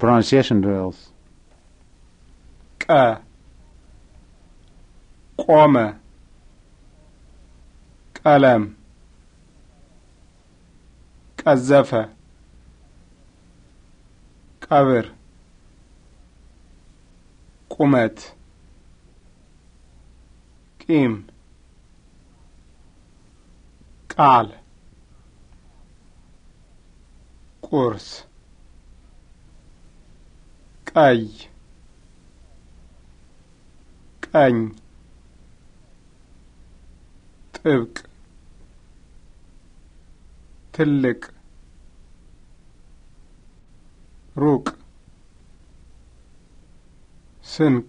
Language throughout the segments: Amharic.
pronunciation drills. Ka. Kwame. Kalam. Kazafa. Kabir. Kumet. Kim. ቃል ቁርስ ቀይ ቀኝ ጥብቅ ትልቅ ሩቅ ስንቅ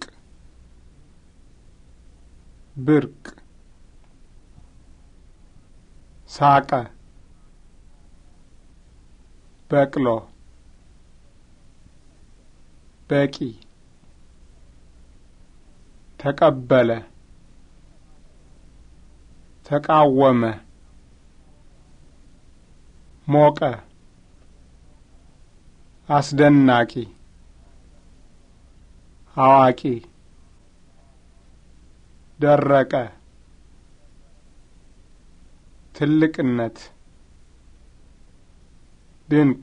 ብርቅ ሳቀ በቅሎ በቂ ተቀበለ ተቃወመ ሞቀ አስደናቂ አዋቂ ደረቀ ትልቅነት ድንቅ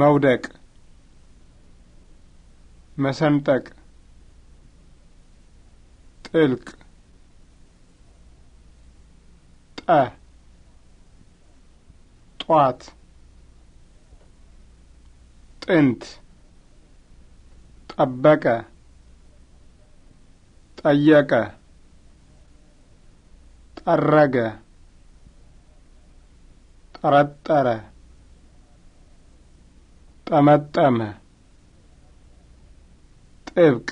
መውደቅ መሰንጠቅ ጥልቅ ጠ ጧት ጥንት ጠበቀ ጠየቀ ጠረገ ጠረጠረ ጠመጠመ ጥብቅ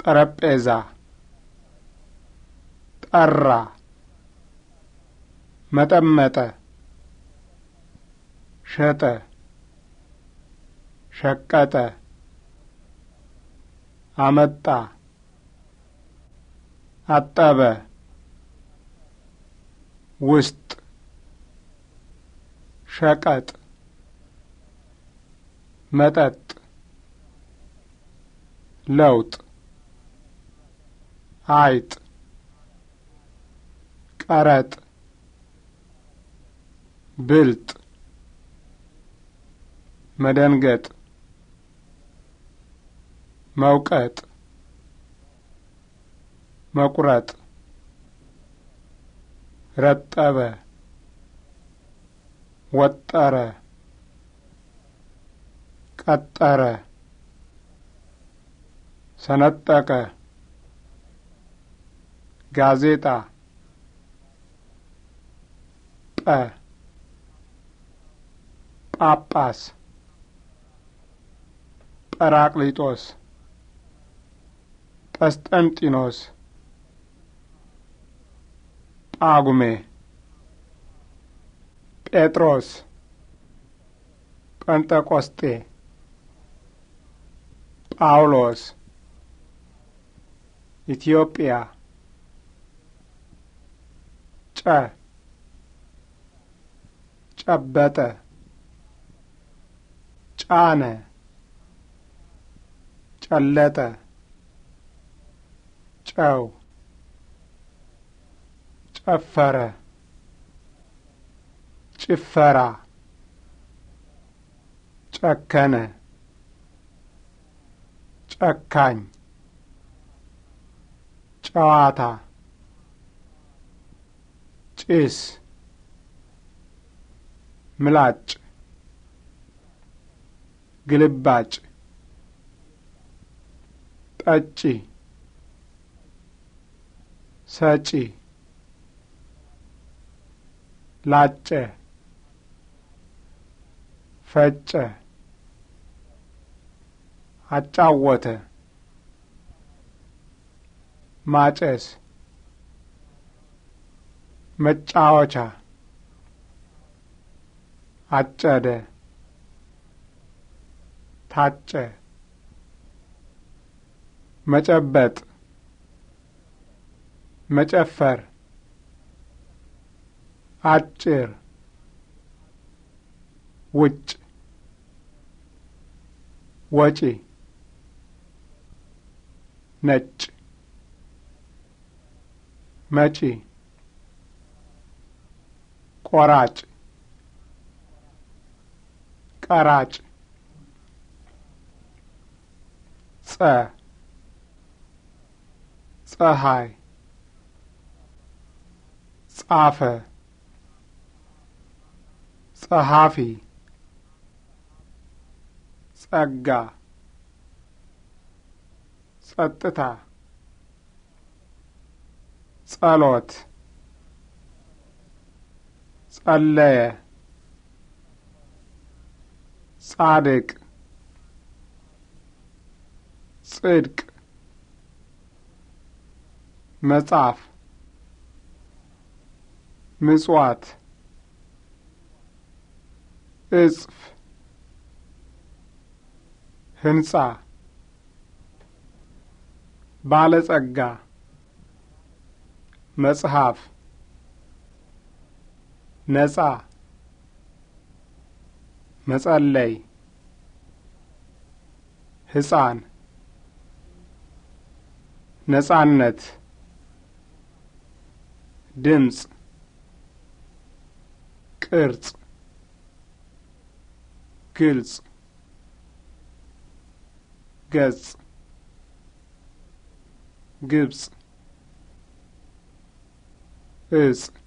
ጠረጴዛ ጠራ መጠመጠ ሸጠ ሸቀጠ አመጣ አጠበ ውስጥ ሸቀጥ መጠጥ ለውጥ አይጥ ቀረጥ ብልጥ መደንገጥ መውቀጥ መቁረጥ ረጠበ ወጠረ ቀጠረ ሰነጠቀ፣ ጋዜጣ፣ ጠ፣ ጳጳስ፣ ጰራቅሊጦስ፣ ጰስጠንጢኖስ፣ ጳጉሜ፣ ጴጥሮስ፣ ጰንጠቆስጤ፣ ጳውሎስ ኢትዮጵያ ጨ ጨበጠ ጫነ ጨለጠ ጨው ጨፈረ ጭፈራ ጨከነ ጨካኝ ጨዋታ ጭስ ምላጭ ግልባጭ ጠጪ ሰጪ ላጨ ፈጨ አጫወተ ማጨስ መጫወቻ አጨደ ታጨ መጨበጥ መጨፈር አጭር ውጭ ወጪ ነጭ መጪ ቆራጭ ቀራጭ ጸ ፀሐይ ጻፈ ጸሐፊ ጸጋ ጸጥታ ጸሎት ጸለየ ጻድቅ ጽድቅ መጽሐፍ ምጽዋት እጽፍ ህንጻ ባለጸጋ መጽሐፍ ነጻ መጸለይ ሕፃን ነጻነት ድምፅ ቅርጽ ግልጽ ገጽ ግብጽ is